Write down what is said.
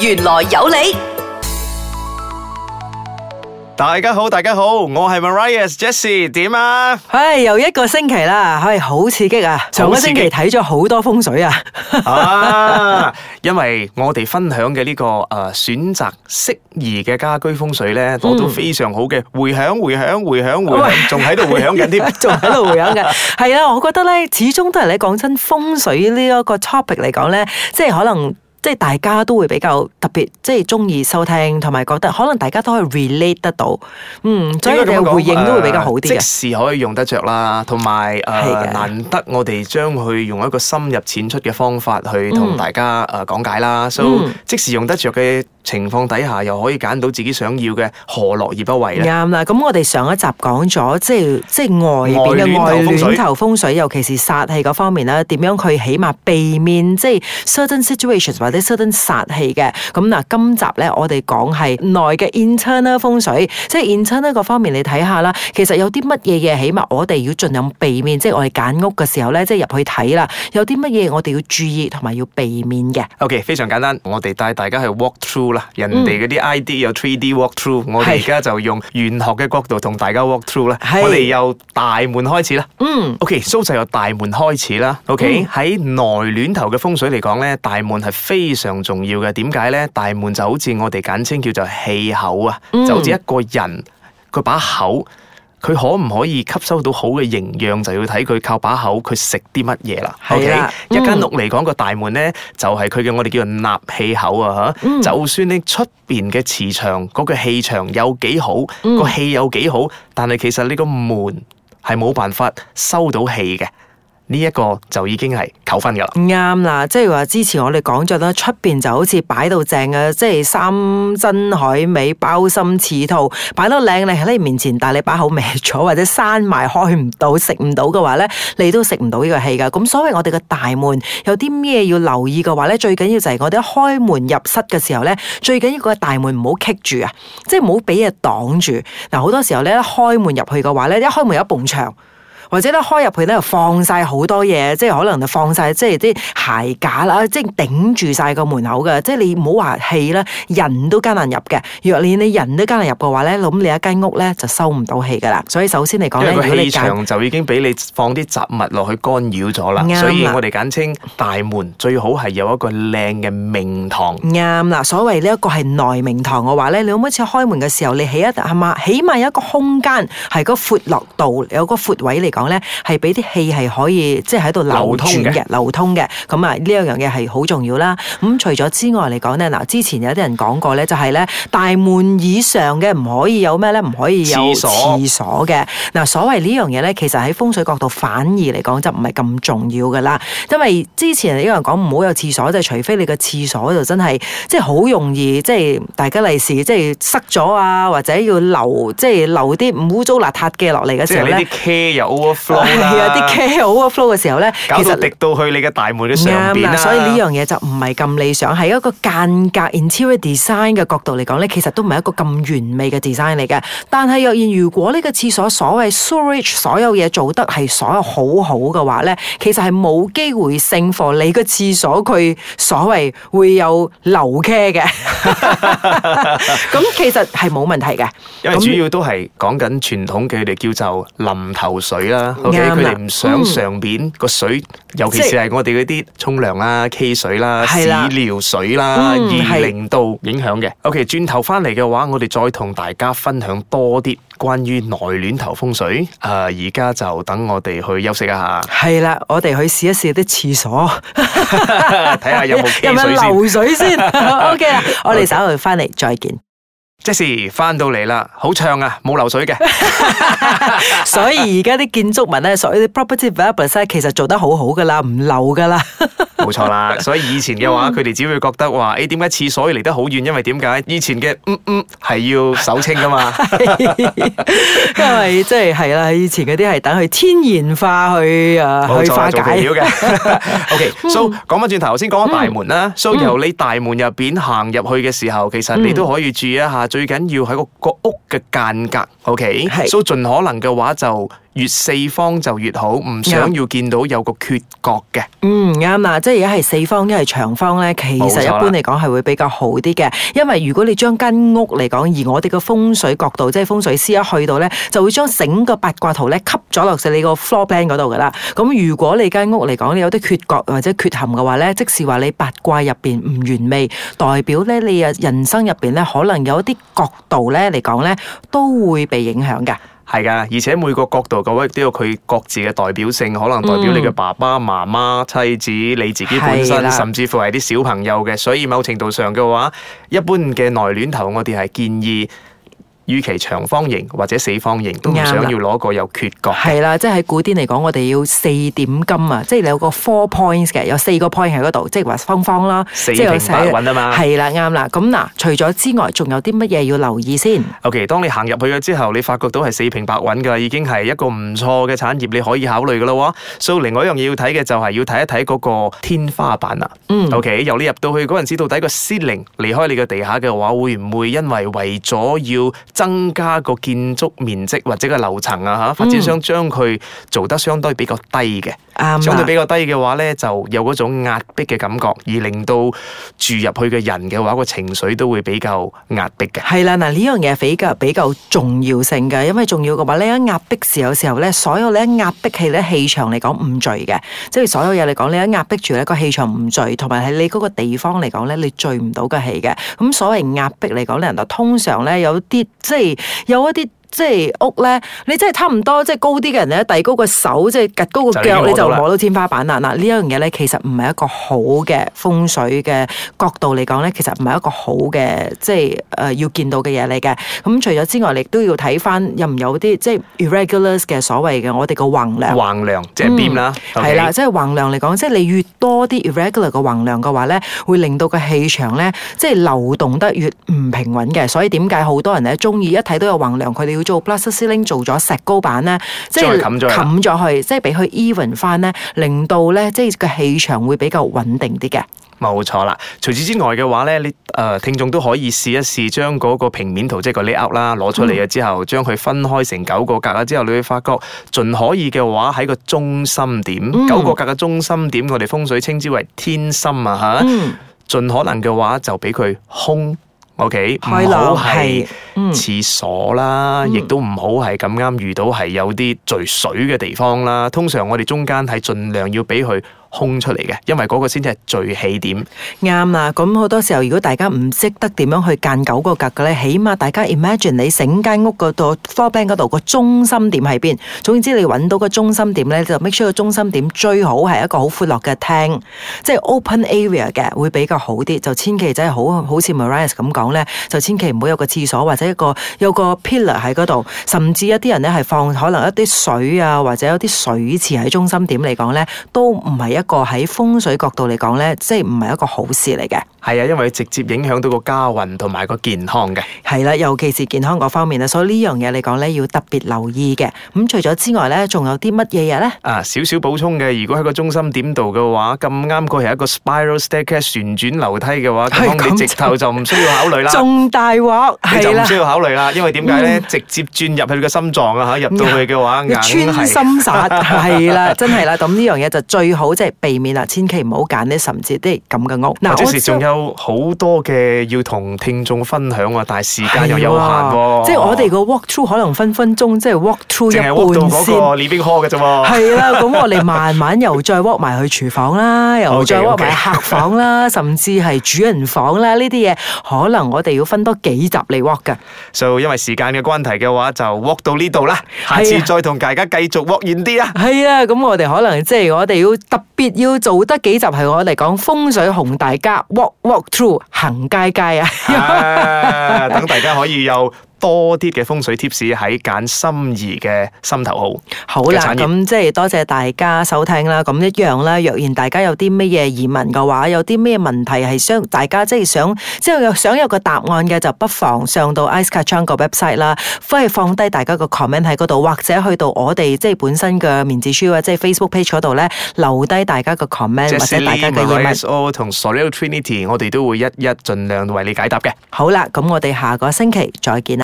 玄來有理，大家好，大家好，我係 Mariah Jessie，點啊？唉，又一個星期啦，唉，好刺激啊！上個星期睇咗好多風水啊！啊，因為我哋分享嘅呢個誒選擇適宜嘅家居風水咧，我都非常好嘅回響，回響，回響，回響，仲喺度回響緊添，仲喺度回響嘅。係啊，我覺得咧，始終都係你，講真風水呢一個 topic 嚟講咧，即係可能。即係大家都會比較特別，即係中意收聽同埋覺得可能大家都可以 relate 得到，嗯，所以嘅回應都會比較好啲、呃、即時可以用得着啦，同埋誒難得我哋將佢用一個深入淺出嘅方法去同大家誒、嗯呃、講解啦，所、so, 以、嗯、即時用得着嘅情況底下，又可以揀到自己想要嘅，何樂而不為咧？啱啦，咁我哋上一集講咗，即係即係外邊嘅巒頭風水，風水尤其是煞氣嗰方面啦，點樣去起碼避免即係。certain situations。或者 sudden 煞氣嘅咁嗱，今集咧我哋講係內嘅 internal 風水，即係 internal 嗰方面你睇下啦。其實有啲乜嘢嘢，起碼我哋要盡量避免，即係我哋揀屋嘅時候咧，即係入去睇啦。有啲乜嘢我哋要注意同埋要避免嘅。OK，非常簡單，我哋帶大家去 walk through 啦。人哋嗰啲 ID 有 3D walk through，我哋而家就用玄學嘅角度同大家 walk through 啦。係，我哋由大門開始啦。嗯，OK，蘇就由大門開始啦。OK，喺內巒頭嘅風水嚟講咧，大門係非非常重要嘅，點解呢？大門就好似我哋簡稱叫做氣口啊，嗯、就好似一個人，佢把口，佢可唔可以吸收到好嘅營養，就要睇佢靠把口，佢食啲乜嘢啦。係啦，一間屋嚟講個大門呢，就係佢嘅我哋叫做納氣口啊吓。嗯、就算你出邊嘅磁場嗰、嗰個氣場有幾好，個氣、嗯、有幾好，但係其實呢個門係冇辦法收到氣嘅。呢一個就已經係扣分噶啦，啱啦，即係話之前我哋講咗啦，出邊就好似擺到正呀，即係山珍海味、鮑參翅肚擺到靚靚喺你面前，但係你把口歪咗或者閂埋開唔到、食唔到嘅話咧，你都食唔到呢個氣噶。咁所謂我哋嘅大門有啲咩要留意嘅話咧，最緊要就係我哋一開門入室嘅時候咧，最緊要個大門唔好棘住啊，即係唔好俾嘢擋住。嗱好多時候咧，一開門入去嘅話咧，一開門有一埲牆。或者咧開入去咧又放晒好多嘢，即係，可能就放晒即係啲鞋架啦，即係頂住晒個門口嘅。即係你唔好話氣啦，人都艱難入嘅。若連你人都艱難入嘅話咧，咁你一間屋咧就收唔到氣噶啦。所以首先嚟講咧，個氣場就已經俾你放啲雜物落去干擾咗啦。所以我哋簡稱大門最好係有一個靚嘅明堂。啱啦，所謂呢一個係內明堂嘅話咧，你每次開門嘅時候，你起一係嘛，起碼有一個空間係個闊落度，有個闊位嚟。講咧係俾啲氣係可以即係喺度流通嘅，流通嘅。咁啊，呢兩樣嘢係好重要啦。咁、嗯、除咗之外嚟講咧，嗱之前有啲人講過咧，就係咧大門以上嘅唔可以有咩咧？唔可以有廁所嘅。嗱，所謂呢樣嘢咧，其實喺風水角度反而嚟講就唔係咁重要噶啦。因為之前有啲人講唔好有廁所，就除非你個廁所就真係即係好容易，即、就、係、是、大家利時即係塞咗啊，或者要留即係留啲污糟邋遢嘅落嚟嘅時候呢啲係啊！啲嘢 e 嘅 flow 嘅時候咧，其實滴到去你嘅大門都上邊啦， 所以呢樣嘢就唔係咁理想。係一個間隔 interior design 嘅角度嚟講咧，其實都唔係一個咁完美嘅 design 嚟嘅。但係若然如果呢個廁所所謂 s u r r i g e 所有嘢做得係所有好好嘅話咧，其實係冇機會勝負你個廁所佢所謂會有留 care 嘅。咁其實係冇問題嘅，因為主要都係講緊傳統嘅，佢哋叫做淋頭水啦。O K，佢哋唔想上邊個水，尤其是係我哋嗰啲沖涼啦、K 水啦、屎尿水啦，而令到影響嘅。O K，轉頭翻嚟嘅話，我哋再同大家分享多啲關於內暖頭風水。誒，而家就等我哋去休息一下。係啦，我哋去試一試啲廁所，睇下有冇有冇漏水先。O K，我哋稍後翻嚟再見。Jesse 翻到嚟啦，好唱啊，冇流水嘅，所以而家啲建築物呢，所有啲 property developers 其實做得好好噶啦，唔漏噶啦。冇錯啦，所以以前嘅話，佢哋只會覺得話，誒，點解廁所嚟得好遠？因為點解？以前嘅嗯嗯係要手清噶嘛，因為即係係啦，以前嗰啲係等佢天然化去誒去化解嘅。O K，so 講翻轉頭，先講咗大門啦。so 由你大門入邊行入去嘅時候，其實你都可以注意一下，最緊要喺個個屋嘅間隔。O K，so 盡可能嘅話就。越四方就越好，唔想要見到有個缺角嘅。嗯啱啦，即係而家係四方，一係長方咧，其實一般嚟講係會比較好啲嘅。因為如果你將間屋嚟講，而我哋個風水角度，即係風水師一去到咧，就會將整個八卦圖咧吸咗落去你個 floor plan 嗰度噶啦。咁如果你間屋嚟講，你有啲缺角或者缺陷嘅話咧，即使話你八卦入邊唔完美，代表咧你啊人生入邊咧可能有一啲角度咧嚟講咧都會被影響嘅。係噶，而且每個角度各位都有佢各自嘅代表性，可能代表你嘅爸爸、嗯、媽媽、妻子、你自己本身，的甚至乎係啲小朋友嘅。所以某程度上嘅話，一般嘅內戀頭，我哋係建議。與其長方形或者四方形，都唔想要攞個有缺角。係啦，即係喺古典嚟講，我哋要四點金啊！即係你有個 four points 嘅，有四個 point 喺嗰度，即係話方方啦，四平八穩啊嘛。係啦，啱啦。咁嗱，除咗之外，仲有啲乜嘢要留意先？O.K.，當你行入去咗之後，你發覺到係四平八穩㗎，已經係一個唔錯嘅產業，你可以考慮㗎啦喎。So，另外一樣要睇嘅就係要睇一睇嗰個天花板啊。嗯。O.K.，由你入到去嗰陣時，到底個 ceiling 離開你個地下嘅話，會唔會因為為咗要增加個建築面積或者個樓層啊吓，發展商將佢做得相對比較低嘅。相對、嗯、比較低嘅話咧，就有嗰種壓迫嘅感覺，而令到住入去嘅人嘅話，個情緒都會比較壓迫嘅。係啦，嗱呢樣嘢比較比較重要性嘅，因為重要嘅話咧，一壓迫時有時候咧，所有咧壓迫氣咧氣場嚟講唔聚嘅，即係所有嘢嚟講，你一壓迫住咧個氣場唔聚，同埋喺你嗰個地方嚟講咧，你聚唔到個氣嘅。咁所謂壓迫嚟講咧，人就通常咧有啲即係有一啲。即係屋咧，你真係差唔多，即係高啲嘅人咧，遞高個手，即係趌高個腳，你就摸到天花板啦。嗱，呢一樣嘢咧，其實唔係一個好嘅風水嘅角度嚟講咧，其實唔係一個好嘅，即係誒、呃、要見到嘅嘢嚟嘅。咁、嗯、除咗之外，你亦都要睇翻有唔有啲即係 irregular 嘅所謂嘅我哋個橫梁。橫梁即係邊啦？係啦，即係橫梁嚟講，即係你越多啲 irregular 嘅橫梁嘅話咧，會令到個氣場咧，即係流動得越唔平穩嘅。所以點解好多人咧中意一睇都有橫梁，佢哋？佢做 plastering 做咗石膏板咧，即係冚咗冚咗去，去去即係俾佢 even 翻咧，令到咧即係個氣場會比較穩定啲嘅。冇錯啦，除此之外嘅話咧，你誒、呃、聽眾都可以試一試將嗰個平面圖即係、就是、個 layout 啦，攞出嚟啊之後，將佢、嗯、分開成九個格啊之後，你會發覺盡可以嘅話喺個中心點、嗯、九個格嘅中心點，我哋風水稱之為天心啊吓，盡、嗯嗯、可能嘅話就俾佢空。OK，唔好係廁所啦，亦都唔好係咁啱遇到係有啲聚水嘅地方啦。通常我哋中間係盡量要俾佢空出嚟嘅，因為個先至係最起點啱啦，咁好多時候，如果大家唔識得點樣去間九個格嘅咧，起碼大家 imagine 你整間屋度 floorplan 嗰度個中心點喺邊，總之，你揾到個中心點咧，就 make sure 個中心點最好係一個好闊落嘅廳，即係 open area 嘅會比較好啲。就千祈真係好好似 Maris 咁講咧，就千祈唔好有個廁所或者一個有個 pillar 喺度，甚至一啲人咧係放可能一啲水啊或者有啲水池喺中心點嚟講咧，都唔係。一個喺風水角度嚟講咧，即係唔係一個好事嚟嘅。係啊，因為直接影響到個家運同埋個健康嘅。係啦，尤其是健康嗰方面啊，所以呢樣嘢嚟講咧，要特別留意嘅。咁除咗之外咧，仲有啲乜嘢嘢咧？啊，少少補充嘅。如果喺個中心點度嘅話，咁啱佢係一個 spiral staircase 旋轉樓梯嘅話，咁你直頭就唔需要考慮啦。仲大鑊，你就唔需要考慮啦。因為點解咧？直接轉入去個心臟啊吓，入到去嘅話，穿心殺係啦，真係啦。咁呢樣嘢就最好即係。避免啦，千祈唔好揀呢，甚至啲咁嘅屋。嗱，即時仲有好多嘅要同聽眾分享啊，但係時間又有限，即係我哋個 walk through 可能分分鐘即係 walk through 一半先。即係 walk 邊開嘅啫嘛。係啦，咁我哋慢慢又再 walk 埋去廚房啦，又再 walk 埋客房啦，甚至係主人房啦，呢啲嘢可能我哋要分多幾集嚟 walk 噶。就因為時間嘅關題嘅話，就 walk 到呢度啦。下次再同大家繼續 walk 遠啲啊。係啊，咁我哋可能即係我哋要揼。別要做得幾集，係我嚟講風水紅，大家 walk walk through 行街街 啊！等大家可以有。多啲嘅風水貼士喺揀心儀嘅心頭好。好啦，咁即係多謝大家收聽啦。咁一樣啦，若然大家有啲乜嘢疑問嘅話，有啲咩問題係想大家即係想即係想有個答案嘅，就不妨上到 Iskra Chang 個 website 啦，可以放低大家個 comment 喺嗰度，或者去到我哋即係本身嘅面子書啊，即係 Facebook page 嗰度咧，留低大家個 comment 或者大家嘅嘢物。我同所有 Trinity，我哋都會一一盡量為你解答嘅。好啦，咁我哋下個星期再見啦。